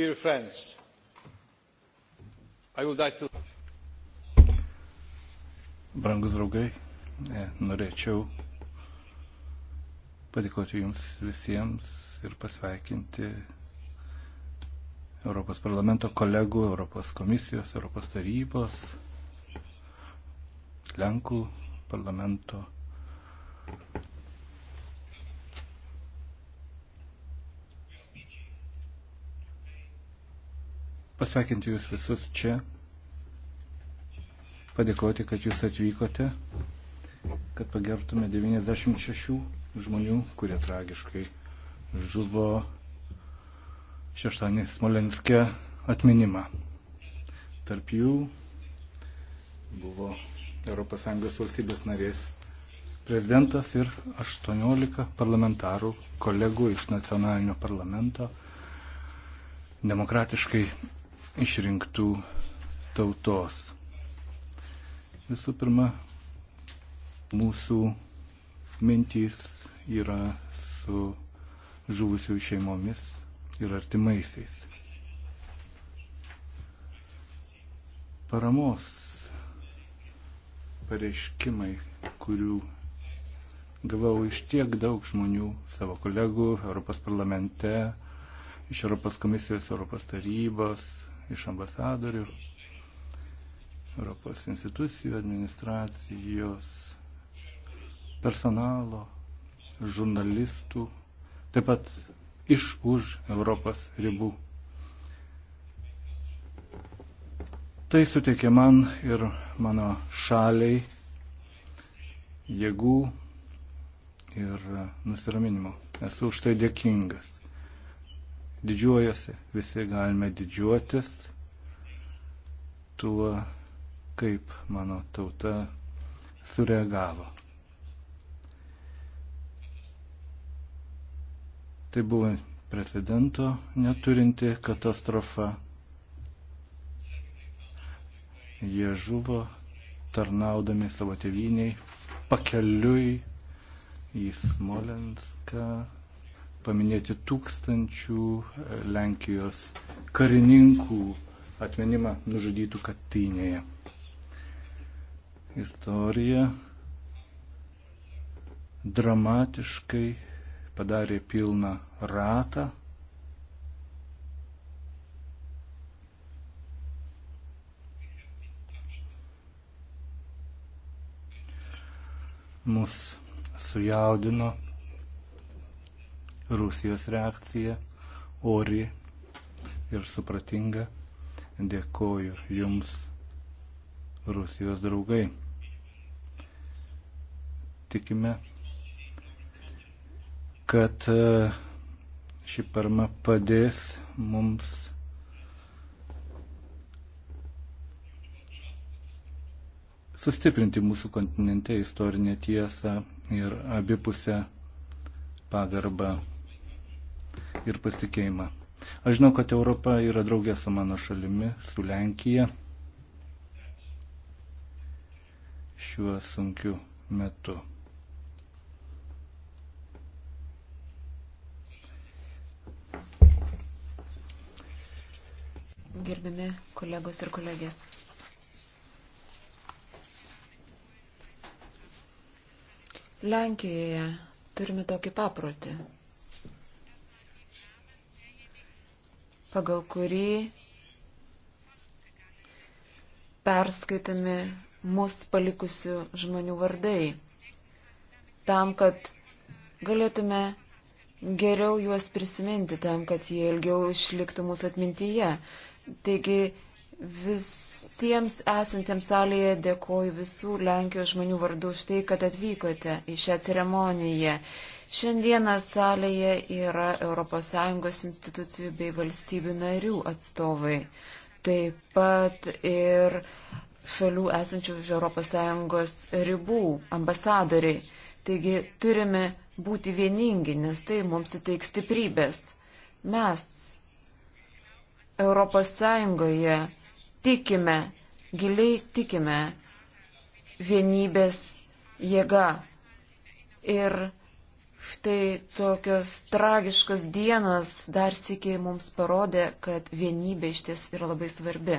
Dear friends, I would like to... Brangus draugai, e, norėčiau padėkoti Jums visiems ir pasveikinti Europos parlamento kolegų, Europos komisijos, Europos tarybos, Lenkų parlamento pasveikinti jūs visus čia, padėkoti, kad jūs atvykote, kad pagerbtume 96 žmonių, kurie tragiškai žuvo šeštąjį Smolenske atminimą. Tarp jų buvo ES valstybės narės prezidentas ir 18 parlamentarų kolegų iš nacionalinio parlamento demokratiškai išrinktų tautos. Visų pirma, mūsų mintys yra su žuvusių šeimomis ir artimaisiais. Paramos pareiškimai, kurių gavau iš tiek daug žmonių, savo kolegų Europos parlamente, iš Europos komisijos, Europos tarybos, iš ambasadorių, Europos institucijų, administracijos, personalo, žurnalistų, taip pat iš už Europos ribų. Tai suteikė man ir mano šaliai jėgų ir nusiraminimo. Esu už tai dėkingas didžiuojasi, visi galime didžiuotis tuo, kaip mano tauta sureagavo. Tai buvo precedento neturinti katastrofa. Jie žuvo tarnaudami savo tėviniai pakeliui į Smolenską, paminėti tūkstančių e, Lenkijos karininkų atminimą nužudytų Katynėje. Istorija dramatiškai padarė pilną ratą. Mus sujaudino Rusijos reakcija ori ir supratinga. Dėkoju Jums, Rusijos draugai. Tikime, kad e, ši parma padės mums sustiprinti mūsų kontinente istorinę tiesą ir abipusę pagarbą ir pasitikėjimą. Aš žinau, kad Europa yra draugė su mano šalimi, su Lenkija šiuo sunkiu metu. Gerbiami kolegos ir kolegės. Lenkijoje turime tokį paprotį. pagal kurį perskaitami mus palikusių žmonių vardai, tam, kad galėtume geriau juos prisiminti, tam, kad jie ilgiau išliktų mūsų atmintyje. Taigi visiems esantiems salėje dėkoju visų Lenkijos žmonių vardu už tai, kad atvykote į šią ceremoniją. Šiandieną salėje yra ES institucijų bei valstybių narių atstovai, taip pat ir šalių esančių už ES ribų ambasadoriai. Taigi turime būti vieningi, nes tai mums suteiks stiprybės. Mes ES tikime, giliai tikime vienybės jėga. Ir Štai tokios tragiškos dienos dar sėkiai mums parodė, kad vienybė iš ties yra labai svarbi.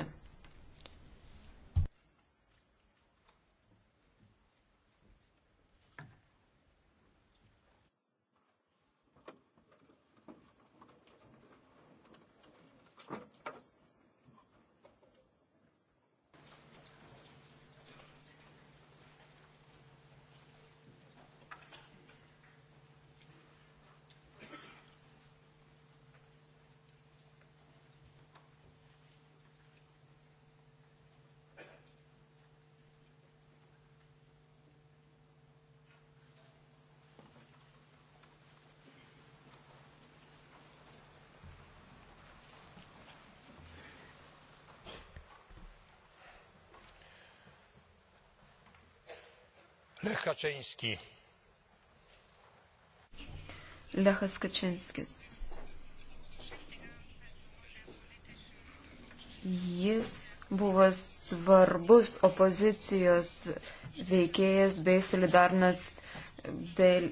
Kaczyński. Lechas Kaczynskis. Jis buvo svarbus opozicijos veikėjas bei solidarnas dėl,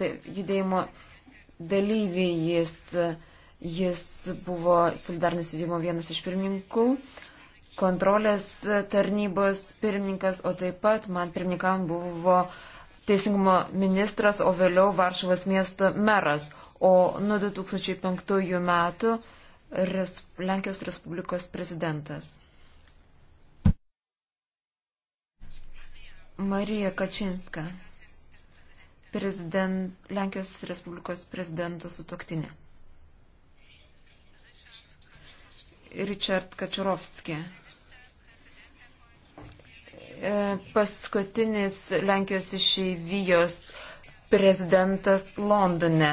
be, judėjimo dalyviai. Jis, jis buvo solidarnas judėjimo vienas iš pirmininkų kontrolės tarnybos pirmininkas, o taip pat man pirmininkam buvo teisingumo ministras, o vėliau Varšuvos miesto meras. O nuo 2005 metų Res Lenkijos Respublikos prezidentas. Marija Kačinska, prezident, Lenkijos Respublikos prezidento sutoktinė. Richard Kačerovskė, E, paskutinis Lenkijos išeivijos prezidentas Londone.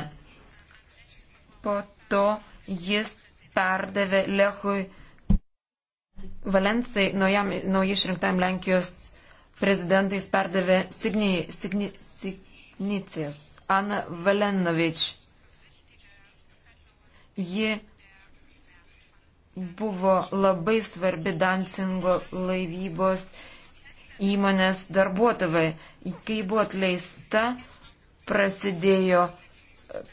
Po to jis perdavė Lechui Valensai, naujam, naujai išrinktam Lenkijos prezidentui, jis perdavė Signi, Signi, Signicijas, Ana Valenovič. Ji buvo labai svarbi Dancingo laivybos įmonės darbuotojai. Kai buvo atleista, prasidėjo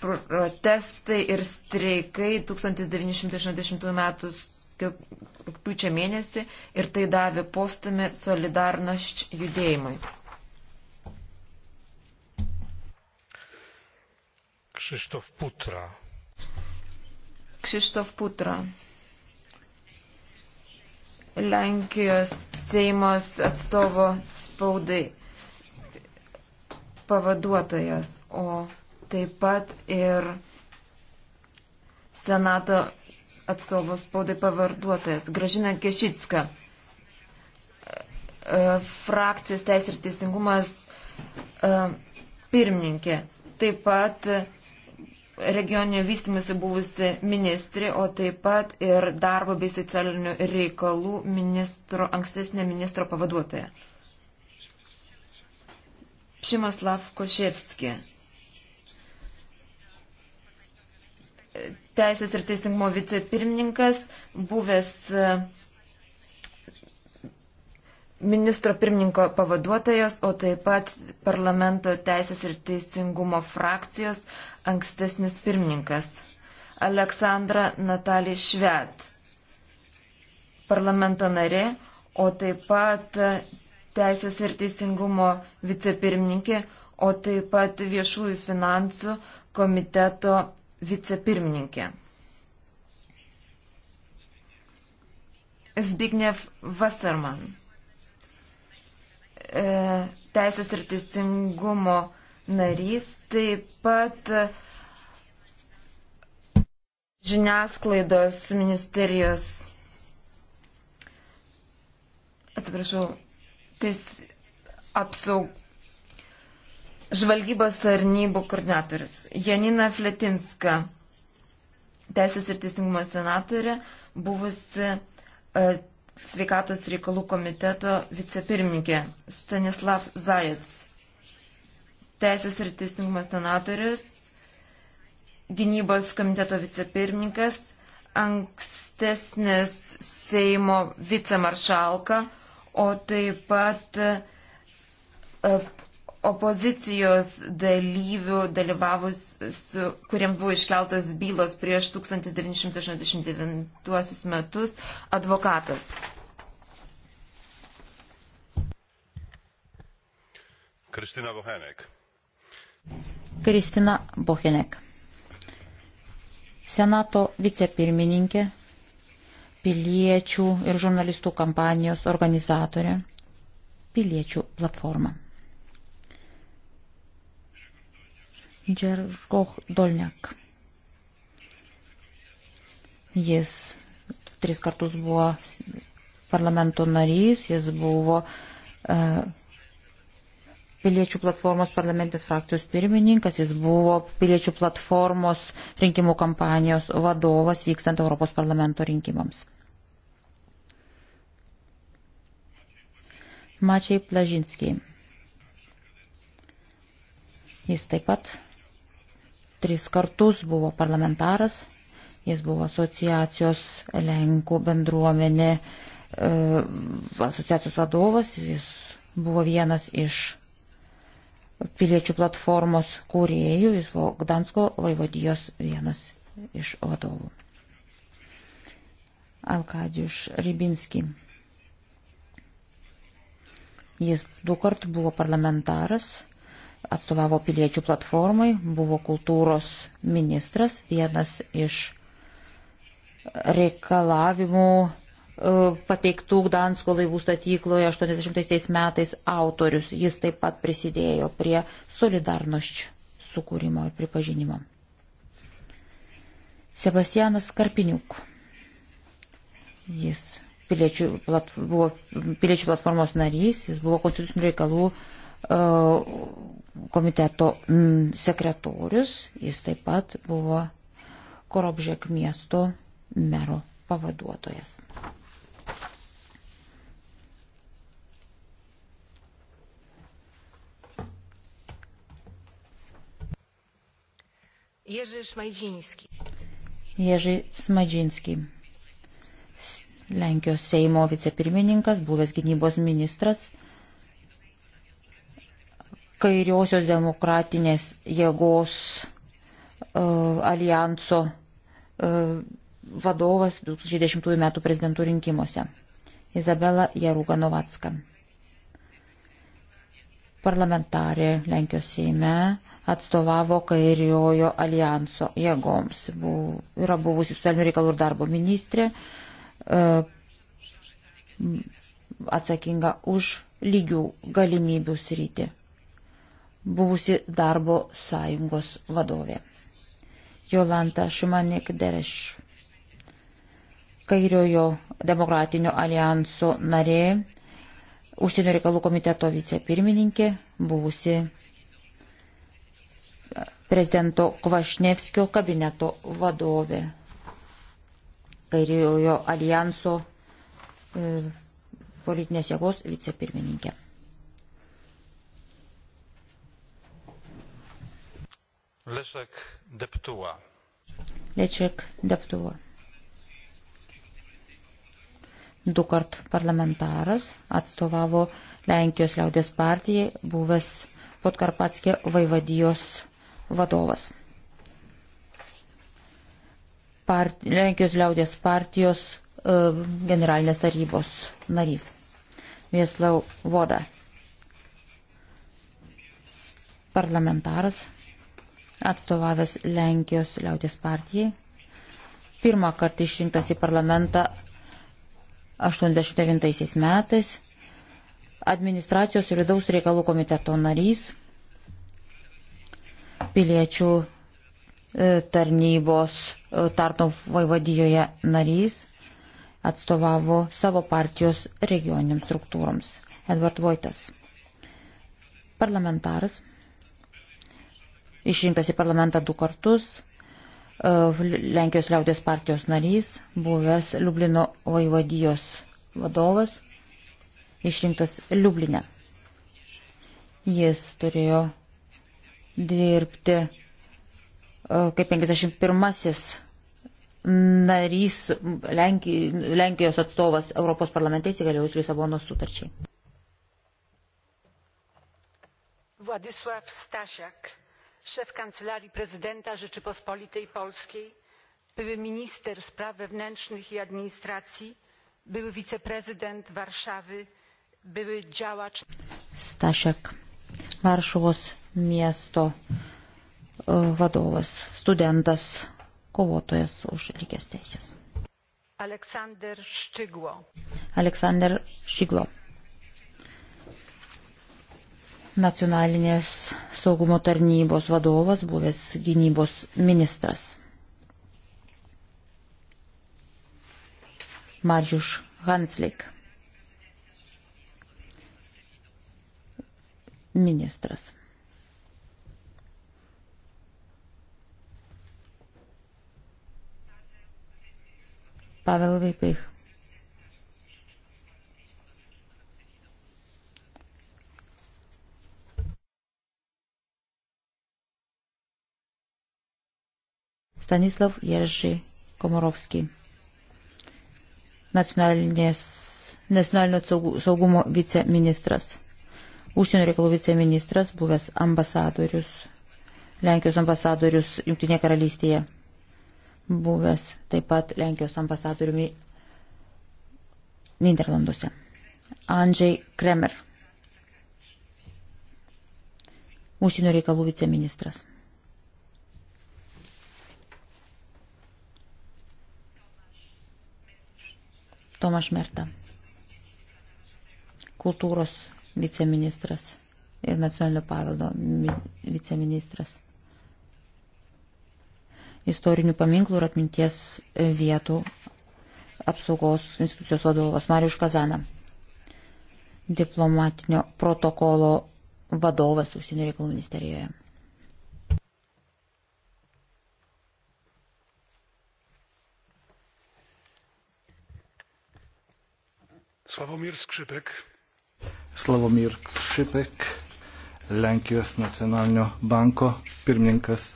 protestai ir streikai 1960 m. rūpiučio mėnesį ir tai davė postumį solidarnošč judėjimui. Krzysztof Putra. Krzysztof Putra. Lenkijos Seimos atstovo spaudai pavaduotojas, o taip pat ir Senato atstovo spaudai pavaduotojas Gražina Kešitska. E, frakcijos Teisė ir Teisingumas e, pirmininkė. Taip pat regioninio vystimusi buvusi ministri, o taip pat ir darbo bei socialinių reikalų ministro, ankstesnė ministro pavaduotoja. Šimaslav Koševski. Teisės ir teisingumo vicepirmininkas, buvęs e, ministro pirmininko pavaduotojas, o taip pat parlamento teisės ir teisingumo frakcijos ankstesnis pirmininkas Aleksandra Natalija Švet, parlamento narė, o taip pat Teisės ir teisingumo vicepirmininkė, o taip pat viešųjų finansų komiteto vicepirmininkė. Zbignev Wasserman. E, Teisės ir teisingumo komiteto narys, taip pat žiniasklaidos ministerijos, atsiprašau, tais apsaug žvalgybos tarnybų koordinatorius, Janina Fletinska, Teisės ir teisingumo senatorė, buvusi uh, sveikatos reikalų komiteto vicepirmininkė Stanislav Zajats Teisės ir teisingumo senatorius, gynybos komiteto vicepirmininkas, ankstesnis Seimo vicemaršalka, o taip pat e, opozicijos dalyvių dalyvavus, su, kuriems buvo iškeltos bylos prieš 1989 metus, advokatas. Kristina Bohenek. Kristina Bochinek, Senato vicepirmininkė, piliečių ir žurnalistų kampanijos organizatorė, piliečių platforma. Džeržkoch Dolniak. Jis tris kartus buvo parlamento narys, jis buvo uh, piliečių platformos parlamentės frakcijos pirmininkas, jis buvo piliečių platformos rinkimų kampanijos vadovas vykstant Europos parlamento rinkimams. Mačiai Plažinskiai. Jis taip pat tris kartus buvo parlamentaras, jis buvo asociacijos Lenkų bendruomenė e, asociacijos vadovas, jis buvo vienas iš piliečių platformos kūrėjų, jis buvo Gdansko vaivadijos vienas iš vadovų. Alkadijus Rybinski. Jis du kart buvo parlamentaras, atstovavo piliečių platformai, buvo kultūros ministras, vienas iš reikalavimų pateiktų Gdansko laivų statykloje 80 metais autorius. Jis taip pat prisidėjo prie solidarnoščių sukūrimo ir pripažinimo. Sebastianas Karpiniuk. Jis piliečių platf buvo piliečių platformos narys, jis buvo konstitucinių reikalų uh, komiteto mm, sekretorius, jis taip pat buvo Korobžek miesto mero pavaduotojas. Jerzy Šmaidžinski. Jerzy Smadžinski. Lenkijos Seimo vicepirmininkas, buvęs gynybos ministras, kairiosios demokratinės jėgos uh, alijanso uh, vadovas 2010 m. prezidentų rinkimuose. Izabela Jarūga Novacka. Parlamentarė Lenkijos Seime atstovavo kairiojo alijanso jėgoms. Buvo, yra buvusi socialinių reikalų ir darbo ministrė, e, atsakinga už lygių galimybių sritį, buvusi darbo sąjungos vadovė. Jolanta Šimanik Dereš, kairiojo demokratinio alijanso narė, užsienio reikalų komiteto vicepirmininkė, buvusi prezidento Kvašnevskio kabineto vadovė kairiojo alijanso e, politinės jėgos vicepirmininkė. Leszek Deptuła. Leszek Deptuła. Du kart parlamentaras atstovavo Lenkijos liaudės partijai, buvęs Podkarpatskė vaivadijos vadovas. Part, Lenkijos liaudės partijos uh, generalinės tarybos narys Vieslau Voda. Parlamentaras atstovavęs Lenkijos liaudės partijai. Pirmą kartą išrinktas į parlamentą 89 metais administracijos ir vidaus reikalų komiteto narys, piliečių e, tarnybos e, Tartov vaivadijoje narys atstovavo savo partijos regioniniams struktūroms. Edward Voitas, parlamentaras, išrinktas į parlamentą du kartus, e, Lenkijos liaudės partijos narys, buvęs Liublino vaivadijos vadovas, išrinktas Liublinė. Jis turėjo dirbti kaip 51-asis narys Lenkijos atstovas Europos parlamente įsigaliojus Lisabonos sutarčiai. Władysław Stasiak, szef Kancelarii Prezydenta Rzeczypospolitej Polskiej, były minister spraw wewnętrznych i administracji, były wiceprezydent Warszawy, były działacz. Stasiak Varšuvos miesto e, vadovas, studentas, kovotojas už lygias teisės. Aleksander Ščiglo. Aleksander Ščiglo. Nacionalinės saugumo tarnybos vadovas, buvęs gynybos ministras. Maržiuš Hanslik. ministras. Pavel Vipich. Stanisław Jerzy Komorowski, nacionalinės, nacionalinio saugumo viceministras užsienio reikalų viceministras, buvęs ambasadorius, Lenkijos ambasadorius Junktinėje karalystėje, buvęs taip pat Lenkijos ambasadoriumi Niderlanduose. Andžiai Kremer, užsienio reikalų viceministras. Tomaš Merta, kultūros viceministras ir nacionalinio paveldo viceministras. Istorinių paminklų ir atminties e, vietų apsaugos institucijos vadovas Marius Kazana. Diplomatinio protokolo vadovas užsienio reikalų ministerijoje. Sławomir Skrzypek, Slavomir Šipek, Lenkijos nacionalinio banko pirmininkas,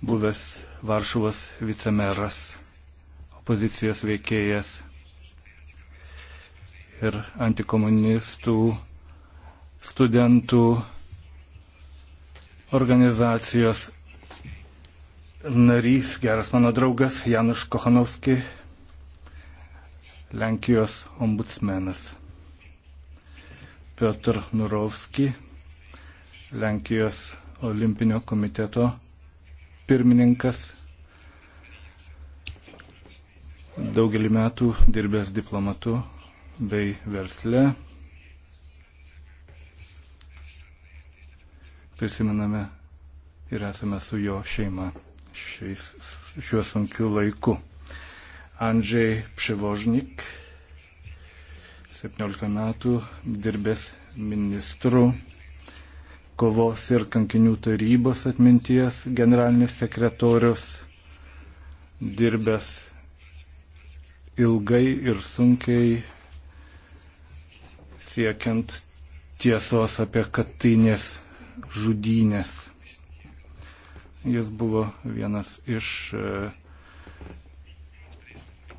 buvęs Varšuvos vicemeras, opozicijos veikėjas ir antikomunistų studentų organizacijos narys, geras mano draugas Januš Kochanovski, Lenkijos ombudsmenas. Piotr Nurovski, Lenkijos olimpinio komiteto pirmininkas, daugelį metų dirbęs diplomatu bei versle. Prisimename ir esame su jo šeima šiais, šiuo sunkiu laiku. Andrzej Przewożnik, 17 metų dirbęs ministru kovos ir kankinių tarybos atminties generalinis sekretorius, dirbęs ilgai ir sunkiai siekiant tiesos apie katinės žudynės. Jis buvo vienas iš uh,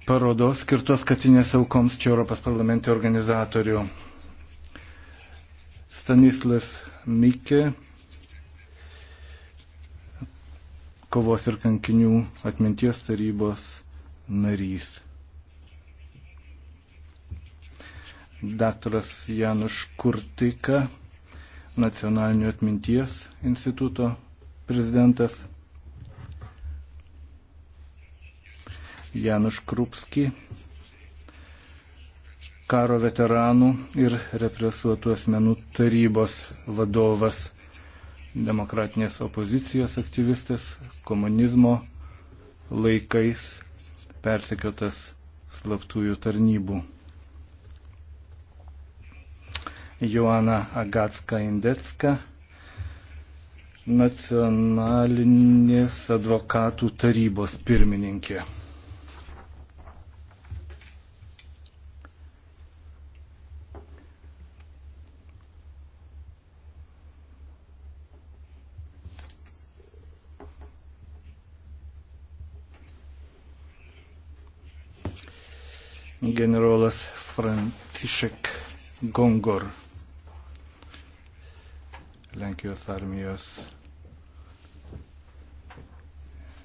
parodos skirtos katinės aukoms čia Europos parlamente organizatorių. Stanislav Mikė, kovos ir kankinių atminties tarybos narys. Daktaras Januš Kurtika, Nacionalinio atminties instituto prezidentas. Januš Krupski, karo veteranų ir represuotų asmenų tarybos vadovas, demokratinės opozicijos aktyvistas, komunizmo laikais persekiotas slaptųjų tarnybų. Joana Agatska Indecka, nacionalinės advokatų tarybos pirmininkė. Franciszek Gongor, Lenkijos armijos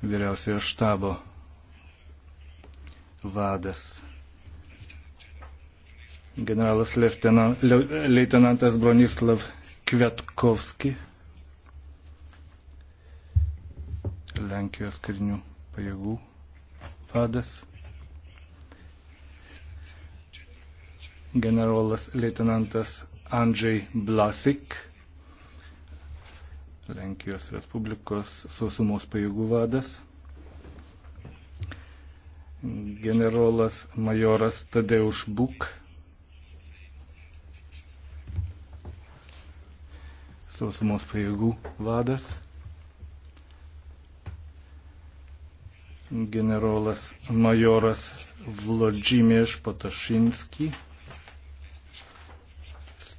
vyriausiojo štabo vadas. Generalas leitenantas Bronislav Kvetkovski, Lenkijos karinių pajėgų vadas. generolas leitenantas Andžej Blasik, Lenkijos Respublikos sausumos pajėgų vadas, generolas majoras Tadeuš Buk, sausumos pajėgų vadas, generolas majoras Vladimir Potašinski,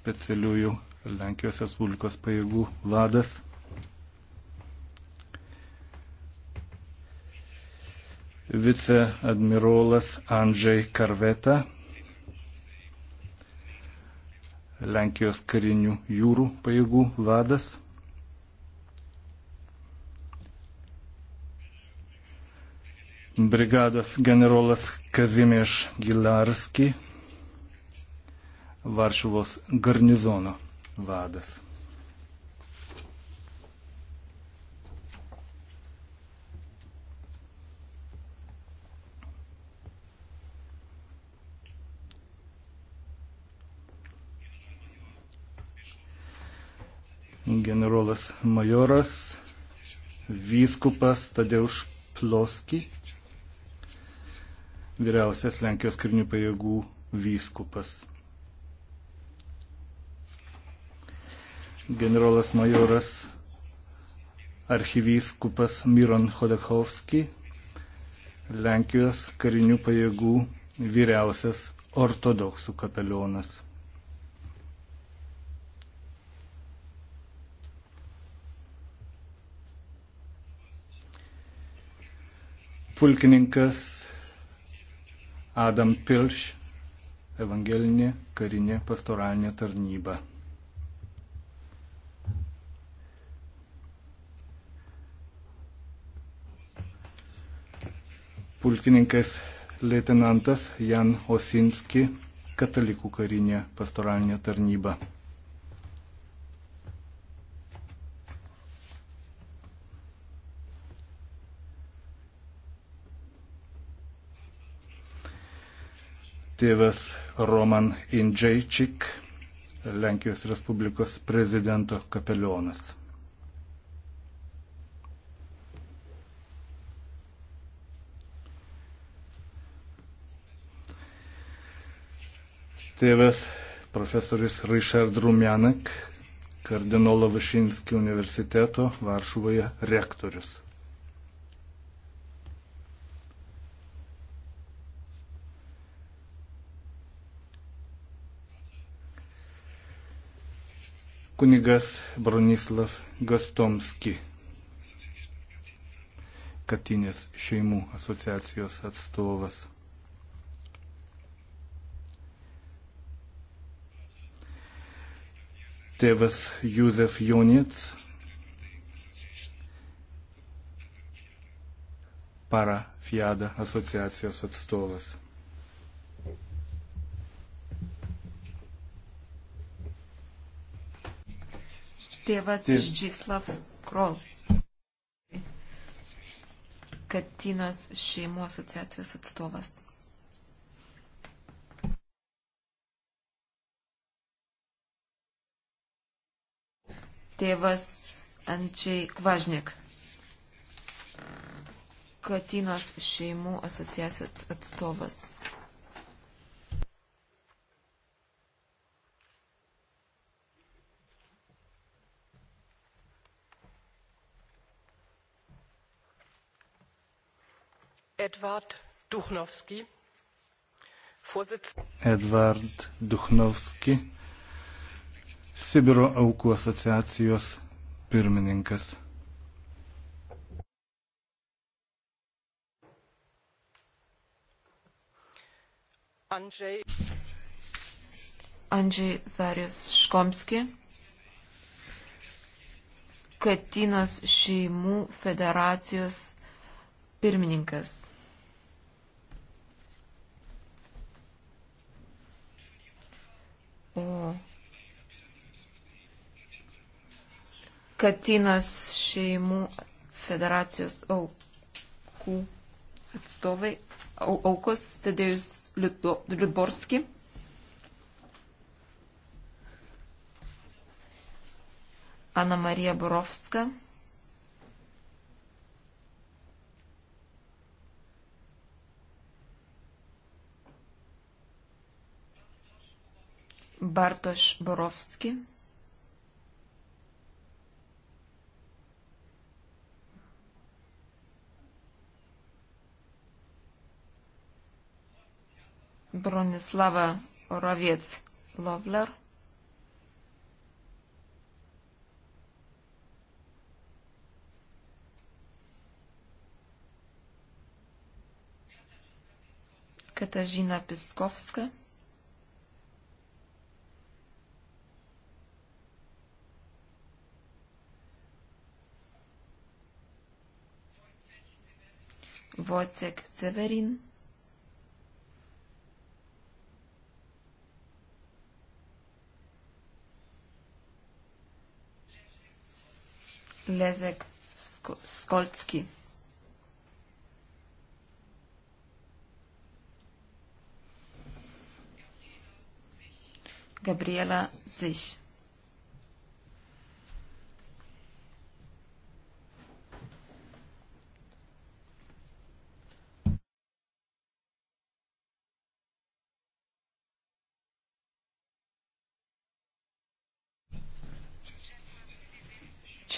specialiųjų Lenkijos Respublikos pajėgų vadas. Viceadmirolas Andžiai Karveta, Lenkijos karinių jūrų pajėgų vadas. Brigados generolas Kazimierz Gilarski, Varšuvos garnizono vadas. Generolas majoras, vyskupas Tadeuš Ploski, vyriausias Lenkijos karinių pajėgų vyskupas. generolas majoras archyvyskupas Miron Chodekhovski, Lenkijos karinių pajėgų vyriausias ortodoksų kapelionas. Pulkininkas Adam Pilš, evangelinė karinė pastoralinė tarnyba. pulkininkas leitenantas Jan Osinski, katalikų karinė pastoralinė tarnyba. Tėvas Roman Indžiaičik, Lenkijos Respublikos prezidento kapelionas. tėvas profesorius Ryšard Rumjanek, kardinolo Vašinskio universiteto Varšuvoje rektorius. Kunigas Bronislav Gostomski, Katinės šeimų asociacijos atstovas. tėvas Juzef Jonits, para Fiada asociacijos atstovas. Tėvas Tėv... Žyslav Krol. Katinos šeimų asociacijos atstovas. tėvas Ančiai Kvažnik. Katinos šeimų asociacijos atstovas. Edward Duchnowski, Vorsitzender. Edward Duchnowski, Sibiro aukų asociacijos pirmininkas. Andrzej. Andrzej Zarius Škomski, Katinos šeimų federacijos pirmininkas. Katinas šeimų federacijos aukų atstovai, au, aukos Tadėjus Liudborski. Ana Marija Borovska. Bartoš Borovski. Bronislava Oraviec Lovler. Katarzyna Pyskowska. Wojciech Severin. Lezek Skolski. Gabriela Sich.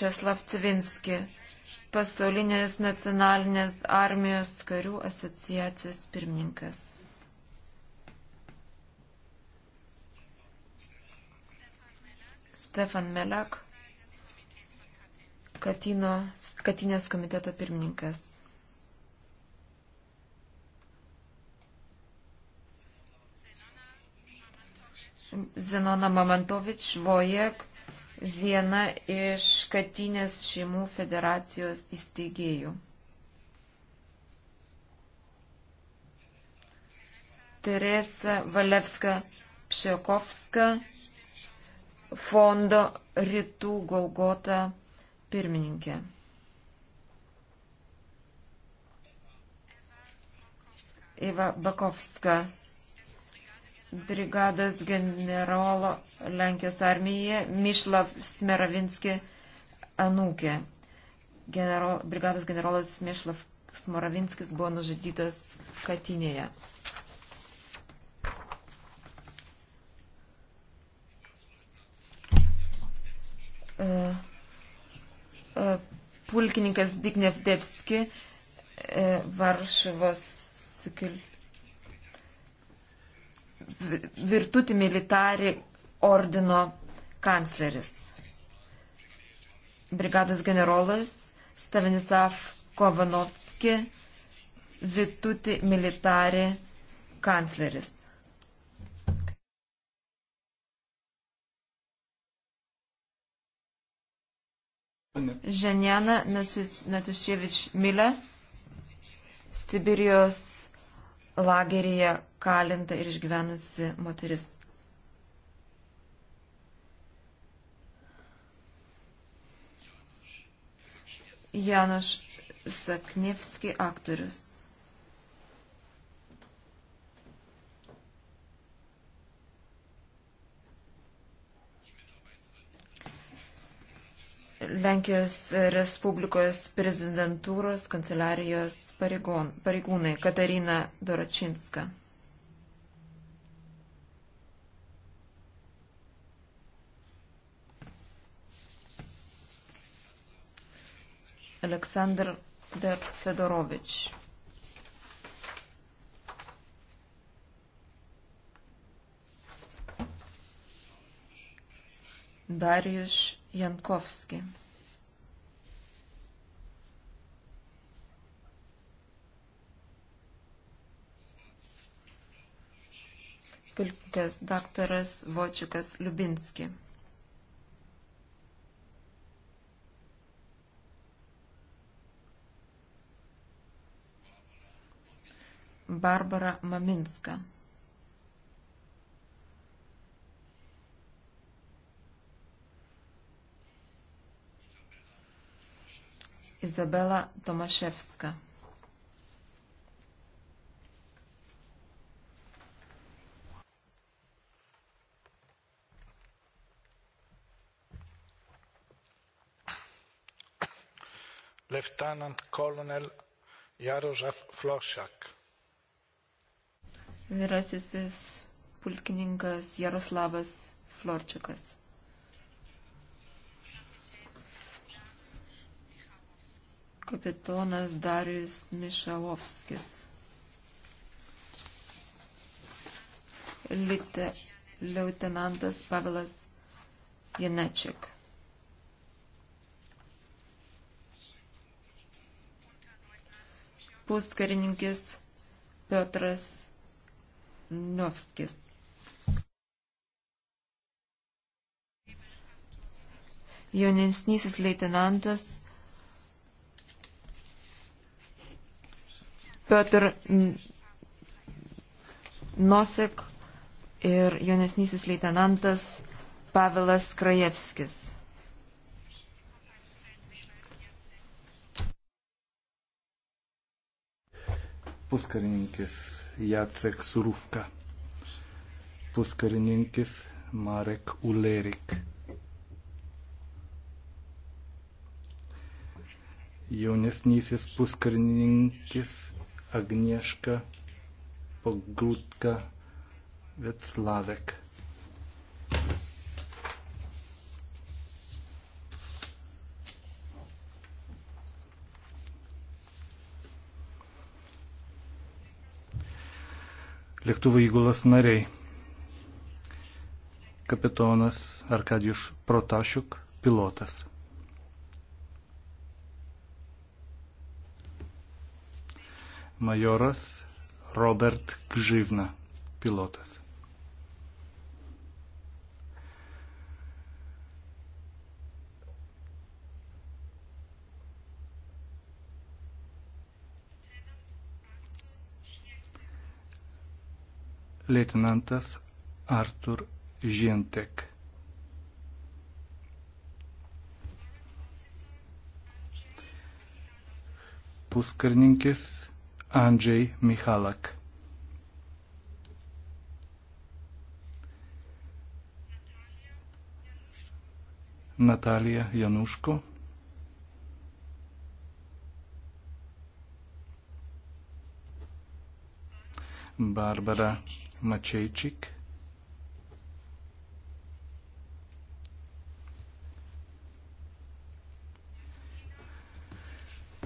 Česlav Cvinski, pasaulinės nacionalinės armijos karių asociacijos pirmininkas. Stefan Melek, Katino, Katinės komiteto pirmininkas. Zenona Mamantovič, Vojek, viena iš Katinės šeimų federacijos įsteigėjų. Teresa Valevska Pšekovska fondo Rytų Golgota pirmininkė. Eva Bakovska brigados generolo Lenkijos armijoje Mišlav Smeravinski anūkė. Generol, brigados generolas Mišlav Smeravinskis buvo nužudytas Katinėje. E, e, pulkininkas Bignev Devski e, Varšuvos sukil, Virtuti Militari ordino kancleris. Brigados generolas Stanislav Kovanovski Vituti Militari kancleris. Ženjana Natuševič Mile, Sibirijos lageryje kalinta ir išgyvenusi moteris. Janoš Saknevski aktorius. Lenkijos Respublikos prezidentūros kanceliarijos pareigūnai Katarina Doračinska. Aleksandr Fedorovič. Dariusz Jankowski. Pilkės daktaras Vočikas Liubinski. Barbara Maminska. Izabela Tomaszewska. Lieutenant Colonel Jarosław Flosiak vyrasis pulkininkas Jaroslavas Florčiukas. Kapitonas Darius Mišalovskis. Lite, lieutenantas Pavelas Janečik. Puskarininkis Piotras Novskis. Jaunesnysis leitenantas Piotr Nosek ir jaunesnysis leitenantas Pavelas Krajevskis. Puskarininkis Jacek Surówka, puskarininkis Marek Ulerik. Jaunesnysis puskarininkis Agnieszka Pogrutka Vetslavek. lėktuvų įgulos nariai. Kapitonas Arkadijus Protašiuk, pilotas. Majoras Robert Gživna, pilotas. leitenantas Artur Žientek. Puskarninkis Andžiai Michalak. Natalija Januško. Barbara Mačiajčik.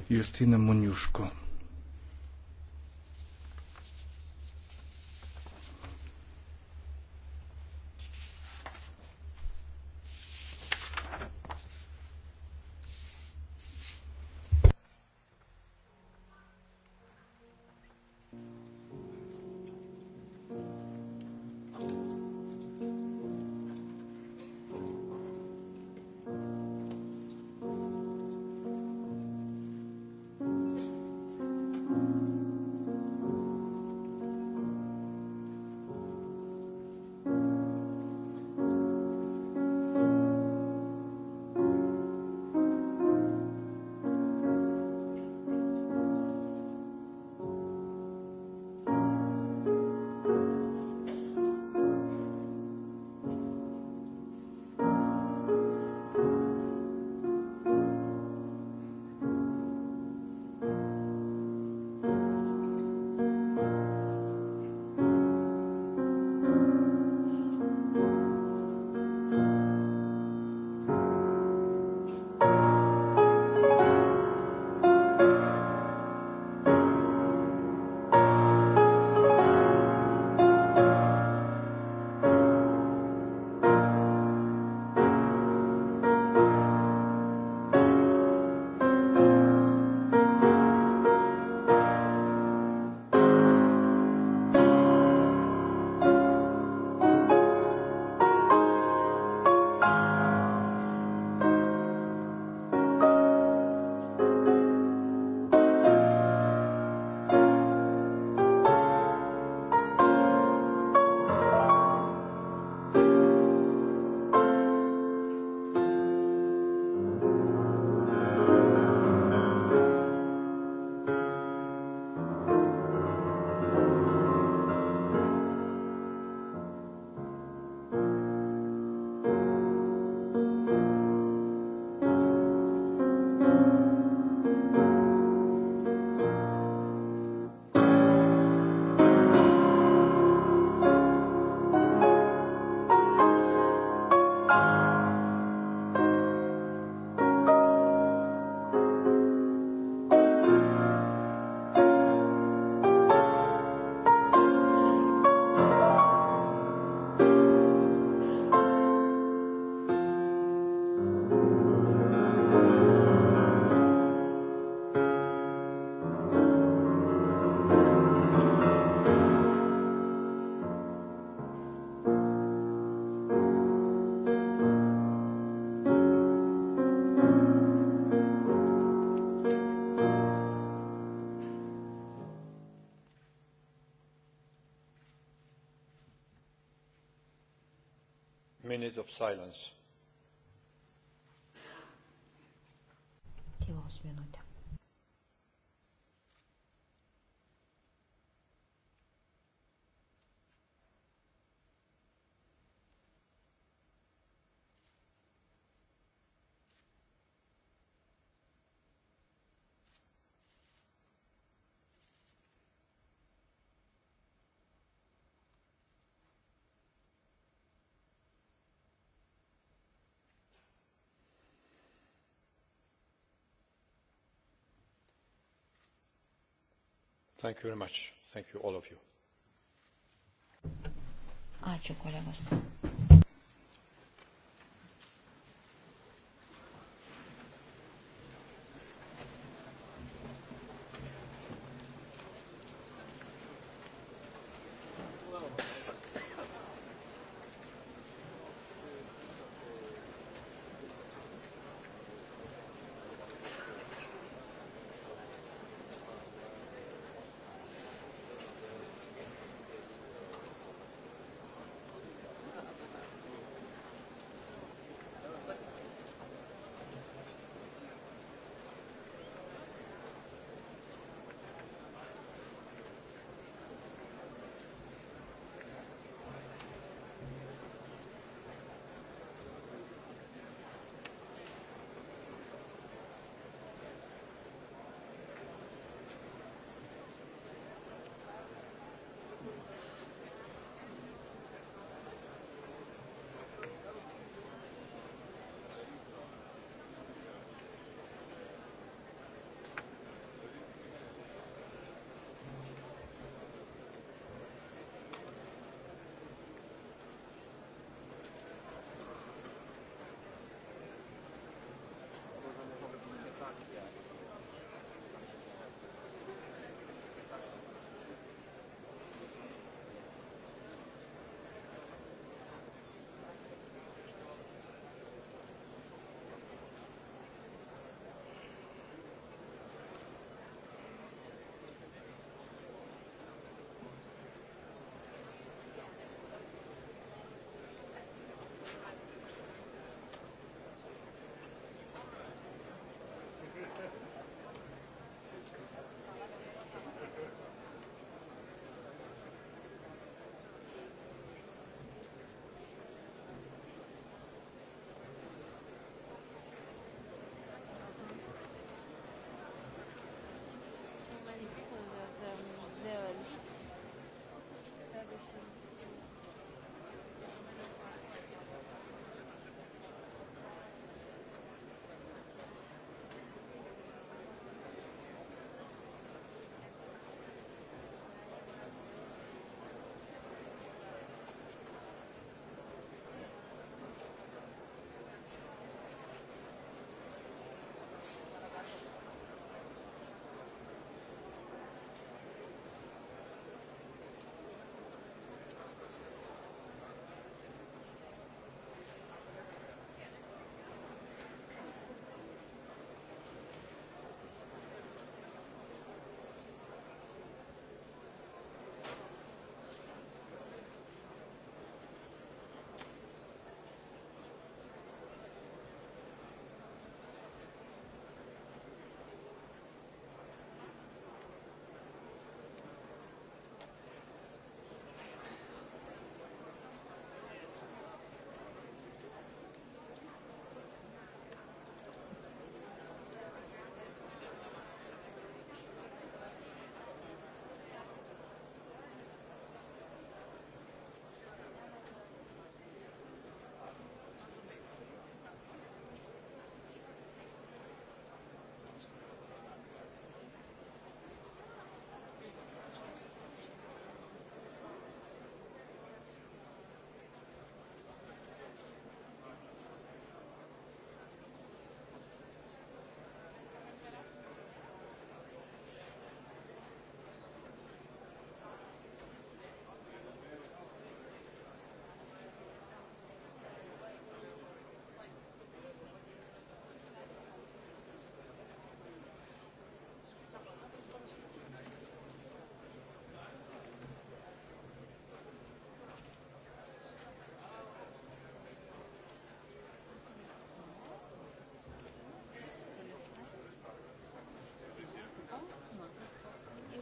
Justina Muniuško. minute of silence. Thank you very much. Thank you all of you. Ačiū, kolegos.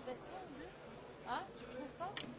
passer un peu Hein Tu trouves pas